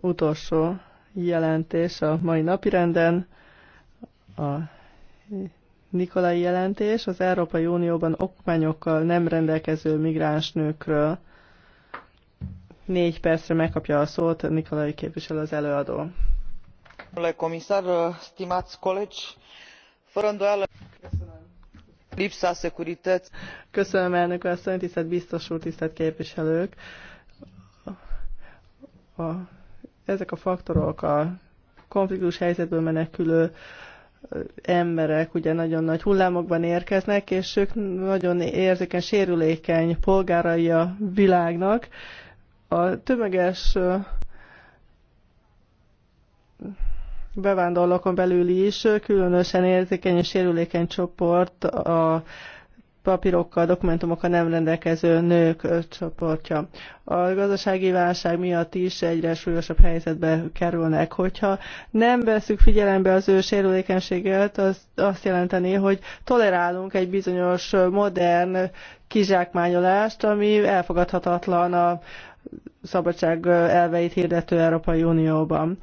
utolsó jelentés a mai napirenden, a Nikolai jelentés az Európai Unióban okmányokkal nem rendelkező migráns nőkről. Négy percre megkapja a szót Nikolai képviselő az előadó. Comisar, stimați colegi, fără îndoială lipsa securității. Köszönöm elnök asszony, tisztelt biztos úr, tisztelt képviselők. A ezek a faktorok a konfliktus helyzetből menekülő emberek ugye nagyon nagy hullámokban érkeznek, és ők nagyon érzékeny, sérülékeny polgárai a világnak. A tömeges bevándorlókon belül is különösen érzékeny és sérülékeny csoport a papírokkal, dokumentumokkal nem rendelkező nők csoportja. A gazdasági válság miatt is egyre súlyosabb helyzetbe kerülnek. Hogyha nem veszük figyelembe az ő sérülékenységet, az azt jelenteni, hogy tolerálunk egy bizonyos modern kizsákmányolást, ami elfogadhatatlan a szabadság elveit hirdető Európai Unióban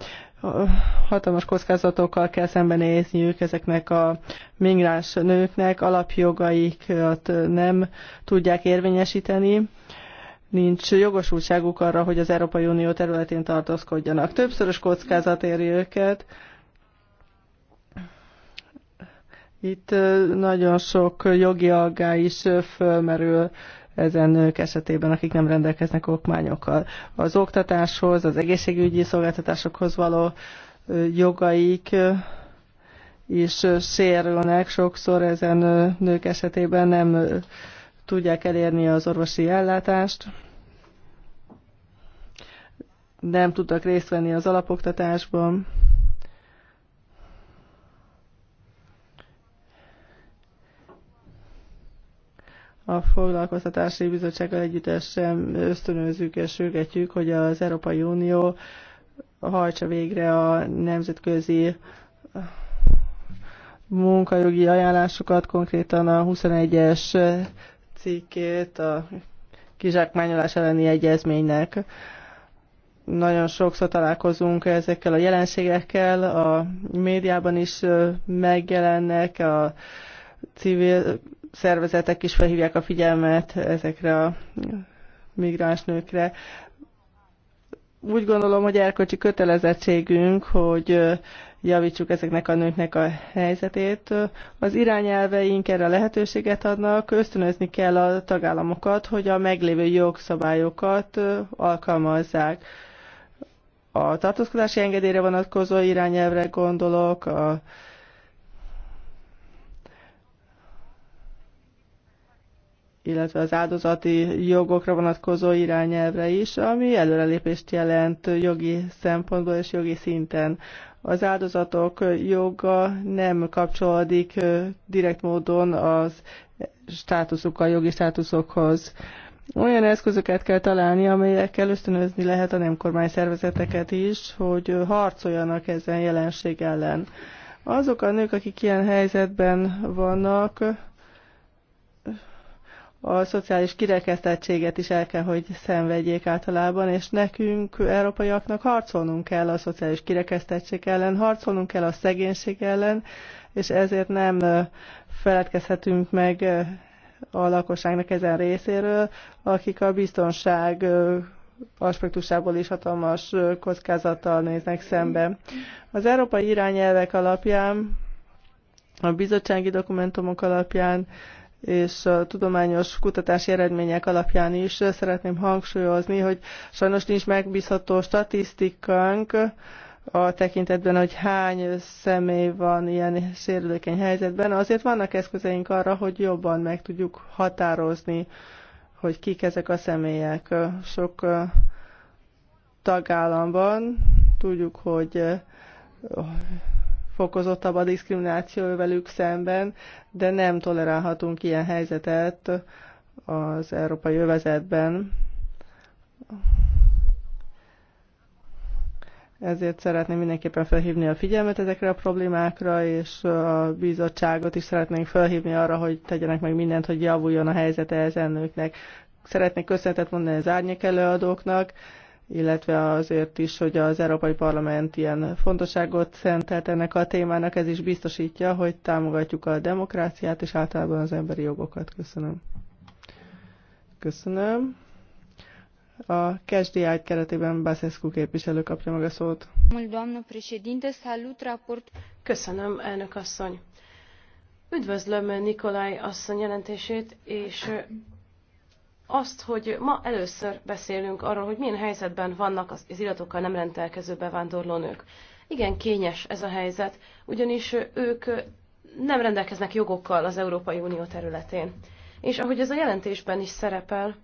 hatalmas kockázatokkal kell szembenézniük ezeknek a migráns nőknek, alapjogaikat nem tudják érvényesíteni, nincs jogosultságuk arra, hogy az Európai Unió területén tartózkodjanak. Többszörös kockázat éri őket. Itt nagyon sok jogi aggá is fölmerül ezen nők esetében, akik nem rendelkeznek okmányokkal. Az oktatáshoz, az egészségügyi szolgáltatásokhoz való jogaik is sérülnek, sokszor ezen nők esetében nem tudják elérni az orvosi ellátást, nem tudtak részt venni az alapoktatásban. a foglalkoztatási bizottsággal együttesen ösztönözzük és sürgetjük, hogy az Európai Unió hajtsa végre a nemzetközi munkajogi ajánlásokat, konkrétan a 21-es cikkét a kizsákmányolás elleni egyezménynek. Nagyon sokszor találkozunk ezekkel a jelenségekkel, a médiában is megjelennek, a civil szervezetek is felhívják a figyelmet ezekre a migráns nőkre. Úgy gondolom, hogy erkölcsi kötelezettségünk, hogy javítsuk ezeknek a nőknek a helyzetét. Az irányelveink erre lehetőséget adnak, ösztönözni kell a tagállamokat, hogy a meglévő jogszabályokat alkalmazzák. A tartózkodási engedélyre vonatkozó irányelvre gondolok, a illetve az áldozati jogokra vonatkozó irányelvre is, ami előrelépést jelent jogi szempontból és jogi szinten. Az áldozatok joga nem kapcsolódik direkt módon az státuszukkal, jogi státuszokhoz. Olyan eszközöket kell találni, amelyekkel ösztönözni lehet a nem kormány szervezeteket is, hogy harcoljanak ezen jelenség ellen. Azok a nők, akik ilyen helyzetben vannak, a szociális kirekesztettséget is el kell, hogy szenvedjék általában, és nekünk, európaiaknak harcolnunk kell a szociális kirekesztettség ellen, harcolnunk kell a szegénység ellen, és ezért nem feledkezhetünk meg a lakosságnak ezen részéről, akik a biztonság aspektusából is hatalmas kockázattal néznek szembe. Az európai irányelvek alapján, a bizottsági dokumentumok alapján és a tudományos kutatási eredmények alapján is szeretném hangsúlyozni, hogy sajnos nincs megbízható statisztikánk a tekintetben, hogy hány személy van ilyen sérülékeny helyzetben. Azért vannak eszközeink arra, hogy jobban meg tudjuk határozni, hogy kik ezek a személyek. Sok tagállamban tudjuk, hogy fokozottabb a diszkrimináció velük szemben, de nem tolerálhatunk ilyen helyzetet az európai övezetben. Ezért szeretném mindenképpen felhívni a figyelmet ezekre a problémákra, és a bizottságot is szeretnénk felhívni arra, hogy tegyenek meg mindent, hogy javuljon a helyzete ezen nőknek. Szeretnék köszönetet mondani az árnyék előadóknak, illetve azért is, hogy az Európai Parlament ilyen fontosságot szentelt ennek a témának, ez is biztosítja, hogy támogatjuk a demokráciát és általában az emberi jogokat. Köszönöm. Köszönöm. A KSDI keretében Baszeszkú képviselő kapja meg a szót. Köszönöm, elnök asszony. Üdvözlöm Nikolaj asszony jelentését, és azt, hogy ma először beszélünk arról, hogy milyen helyzetben vannak az iratokkal nem rendelkező bevándorlónők. Igen, kényes ez a helyzet, ugyanis ők nem rendelkeznek jogokkal az Európai Unió területén. És ahogy ez a jelentésben is szerepel,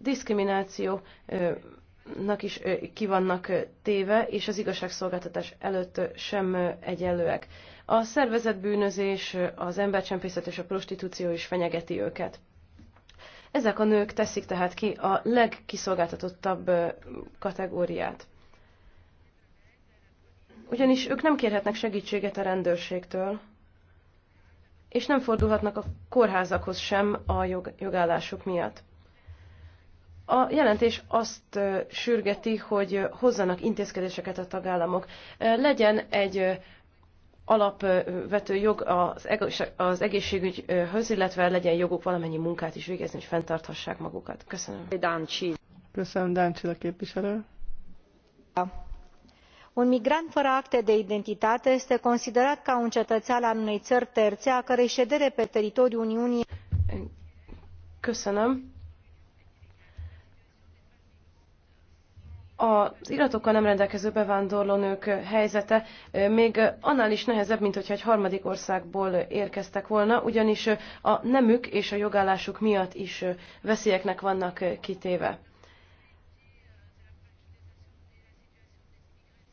diszkrimináció nak is ki vannak téve, és az igazságszolgáltatás előtt sem egyenlőek. A szervezetbűnözés, az embercsempészet és a prostitúció is fenyegeti őket. Ezek a nők teszik tehát ki a legkiszolgáltatottabb kategóriát. Ugyanis ők nem kérhetnek segítséget a rendőrségtől, és nem fordulhatnak a kórházakhoz sem a jog, jogállásuk miatt. A jelentés azt sürgeti, hogy hozzanak intézkedéseket a tagállamok. Legyen egy alapvető jog az egészségügyhöz, illetve legyen joguk valamennyi munkát is végezni, hogy fenntarthassák magukat. Köszönöm. Dáncsi. Köszönöm, Dáncsi a képviselő. Un migrant fără acte de identitate este considerat ca un cetățean al unei țări terțe a cărei ședere pe teritoriul Uniunii. Köszönöm az iratokkal nem rendelkező nők helyzete még annál is nehezebb, mint hogyha egy harmadik országból érkeztek volna, ugyanis a nemük és a jogállásuk miatt is veszélyeknek vannak kitéve.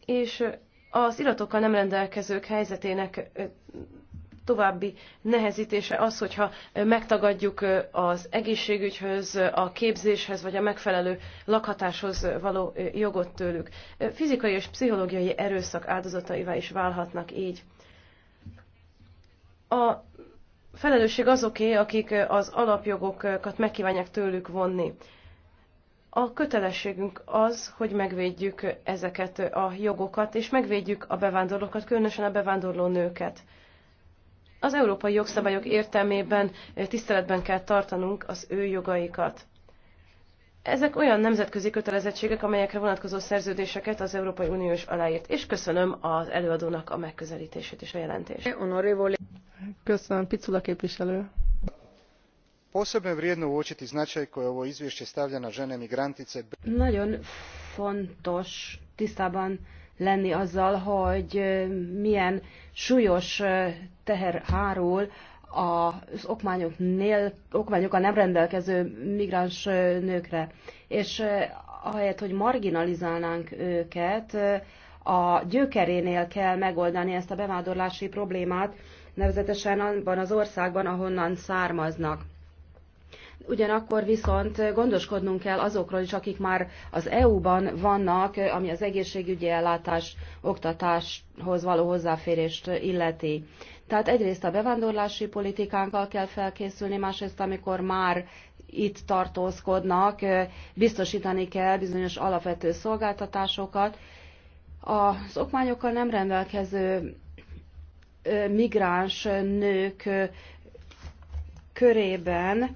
És az iratokkal nem rendelkezők helyzetének további nehezítése az, hogyha megtagadjuk az egészségügyhöz, a képzéshez vagy a megfelelő lakhatáshoz való jogot tőlük. Fizikai és pszichológiai erőszak áldozataivá is válhatnak így. A felelősség azoké, akik az alapjogokat megkívánják tőlük vonni. A kötelességünk az, hogy megvédjük ezeket a jogokat, és megvédjük a bevándorlókat, különösen a bevándorló nőket. Az európai jogszabályok értelmében eh, tiszteletben kell tartanunk az ő jogaikat. Ezek olyan nemzetközi kötelezettségek, amelyekre vonatkozó szerződéseket az Európai Unió is aláírt, és köszönöm az előadónak a megközelítését és a jelentést. Köszönöm, Picula képviselő. Posebno je vrijedno uočiti značaj koje ovo izvješće stavlja na žene migrantice. Nagyon fontos tisztában lenni azzal, hogy milyen súlyos teher hárul az okmányok, nél, okmányokkal nem rendelkező migráns nőkre. És ahelyett, hogy marginalizálnánk őket, a gyökerénél kell megoldani ezt a bevándorlási problémát, nevezetesen abban az országban, ahonnan származnak ugyanakkor viszont gondoskodnunk kell azokról is, akik már az EU-ban vannak, ami az egészségügyi ellátás, oktatáshoz való hozzáférést illeti. Tehát egyrészt a bevándorlási politikánkkal kell felkészülni, másrészt amikor már itt tartózkodnak, biztosítani kell bizonyos alapvető szolgáltatásokat. Az okmányokkal nem rendelkező migráns nők körében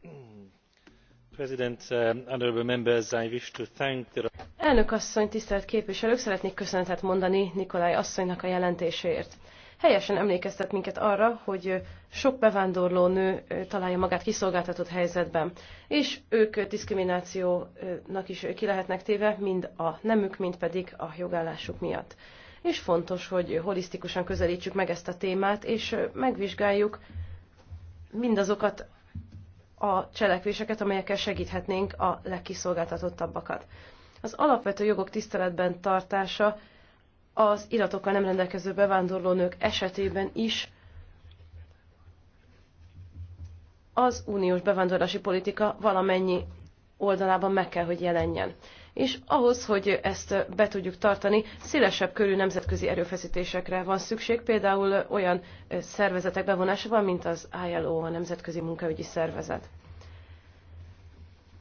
Uh, elnök asszony tisztelt képviselők szeretnék köszönetet mondani nicolai asszonynak a jelentéséért. helyesen emlékeztet minket arra hogy sok bevándorló nő találja magát kiszolgáltatott helyzetben és ők diszkriminációnak is ki lehetnek téve mind a nemük mind pedig a jogállásuk miatt. és fontos hogy holisztikusan közeltsük meg ezt a témát és megvizsgáljuk mindazokat a cselekvéseket, amelyekkel segíthetnénk a legkiszolgáltatottabbakat. Az alapvető jogok tiszteletben tartása az iratokkal nem rendelkező bevándorlónők esetében is az uniós bevándorlási politika valamennyi oldalában meg kell, hogy jelenjen és ahhoz, hogy ezt be tudjuk tartani, szélesebb körű nemzetközi erőfeszítésekre van szükség, például olyan szervezetek bevonásával, mint az ILO, a Nemzetközi Munkaügyi Szervezet.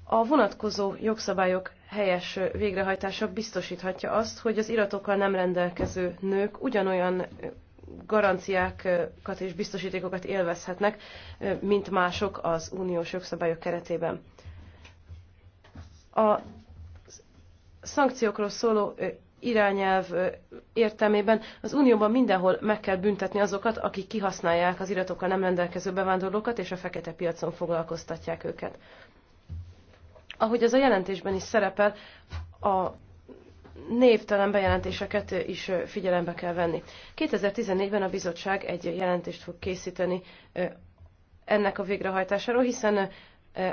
A vonatkozó jogszabályok helyes végrehajtása biztosíthatja azt, hogy az iratokkal nem rendelkező nők ugyanolyan garanciákat és biztosítékokat élvezhetnek, mint mások az uniós jogszabályok keretében. A szankciókról szóló irányelv értelmében az Unióban mindenhol meg kell büntetni azokat, akik kihasználják az iratokkal nem rendelkező bevándorlókat, és a fekete piacon foglalkoztatják őket. Ahogy az a jelentésben is szerepel, a névtelen bejelentéseket is figyelembe kell venni. 2014-ben a bizottság egy jelentést fog készíteni ennek a végrehajtásáról, hiszen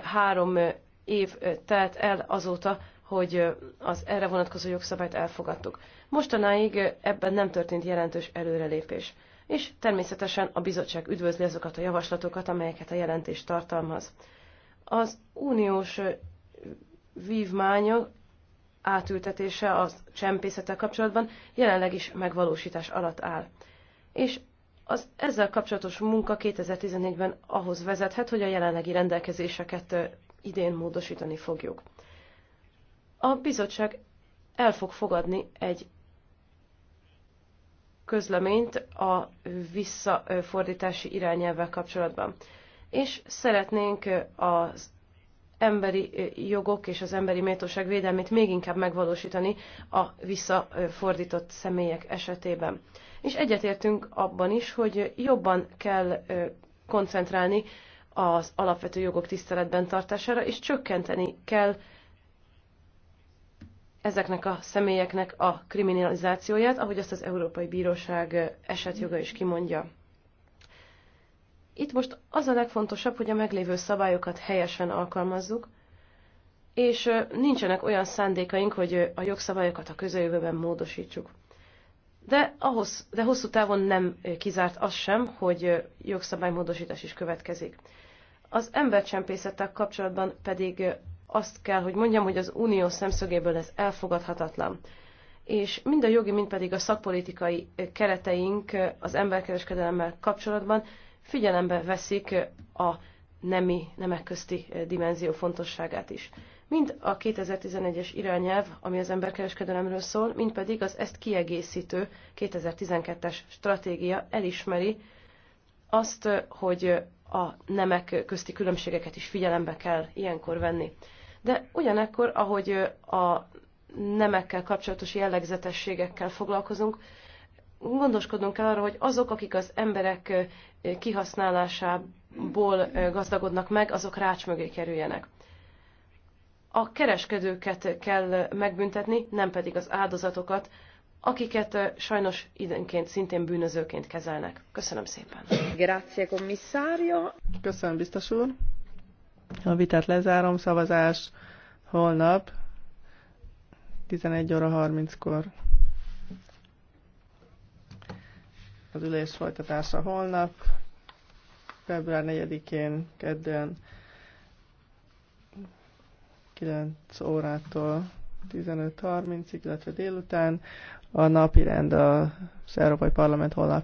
három év telt el azóta, hogy az erre vonatkozó jogszabályt elfogadtuk. Mostanáig ebben nem történt jelentős előrelépés, és természetesen a bizottság üdvözli azokat a javaslatokat, amelyeket a jelentés tartalmaz. Az uniós vívmánya átültetése a csempészettel kapcsolatban jelenleg is megvalósítás alatt áll. És az ezzel kapcsolatos munka 2014-ben ahhoz vezethet, hogy a jelenlegi rendelkezéseket idén módosítani fogjuk. A bizottság el fog fogadni egy közleményt a visszafordítási irányelvvel kapcsolatban. És szeretnénk az emberi jogok és az emberi méltóság védelmét még inkább megvalósítani a visszafordított személyek esetében. És egyetértünk abban is, hogy jobban kell koncentrálni az alapvető jogok tiszteletben tartására, és csökkenteni kell ezeknek a személyeknek a kriminalizációját, ahogy azt az Európai Bíróság esetjoga is kimondja. Itt most az a legfontosabb, hogy a meglévő szabályokat helyesen alkalmazzuk, és nincsenek olyan szándékaink, hogy a jogszabályokat a közeljövőben módosítsuk. De, ahhoz, de hosszú távon nem kizárt az sem, hogy jogszabálymódosítás is következik. Az embercsempészettel kapcsolatban pedig azt kell, hogy mondjam, hogy az unió szemszögéből ez elfogadhatatlan. És mind a jogi, mind pedig a szakpolitikai kereteink az emberkereskedelemmel kapcsolatban figyelembe veszik a nemi, nemek közti dimenzió fontosságát is. Mind a 2011-es irányelv, ami az emberkereskedelemről szól, mind pedig az ezt kiegészítő 2012-es stratégia elismeri, azt, hogy a nemek közti különbségeket is figyelembe kell ilyenkor venni. De ugyanekkor, ahogy a nemekkel kapcsolatos jellegzetességekkel foglalkozunk, gondoskodnunk kell arra, hogy azok, akik az emberek kihasználásából gazdagodnak meg, azok rács mögé kerüljenek. A kereskedőket kell megbüntetni, nem pedig az áldozatokat, akiket sajnos időnként szintén bűnözőként kezelnek. Köszönöm szépen. Grazie, commissario. Köszönöm, biztos úr. A vitát lezárom, szavazás holnap 11 óra 30-kor. Az ülés folytatása holnap, február 4-én, kedden 9 órától 15.30-ig, illetve délután. A napi rend az Európai Parlament honlap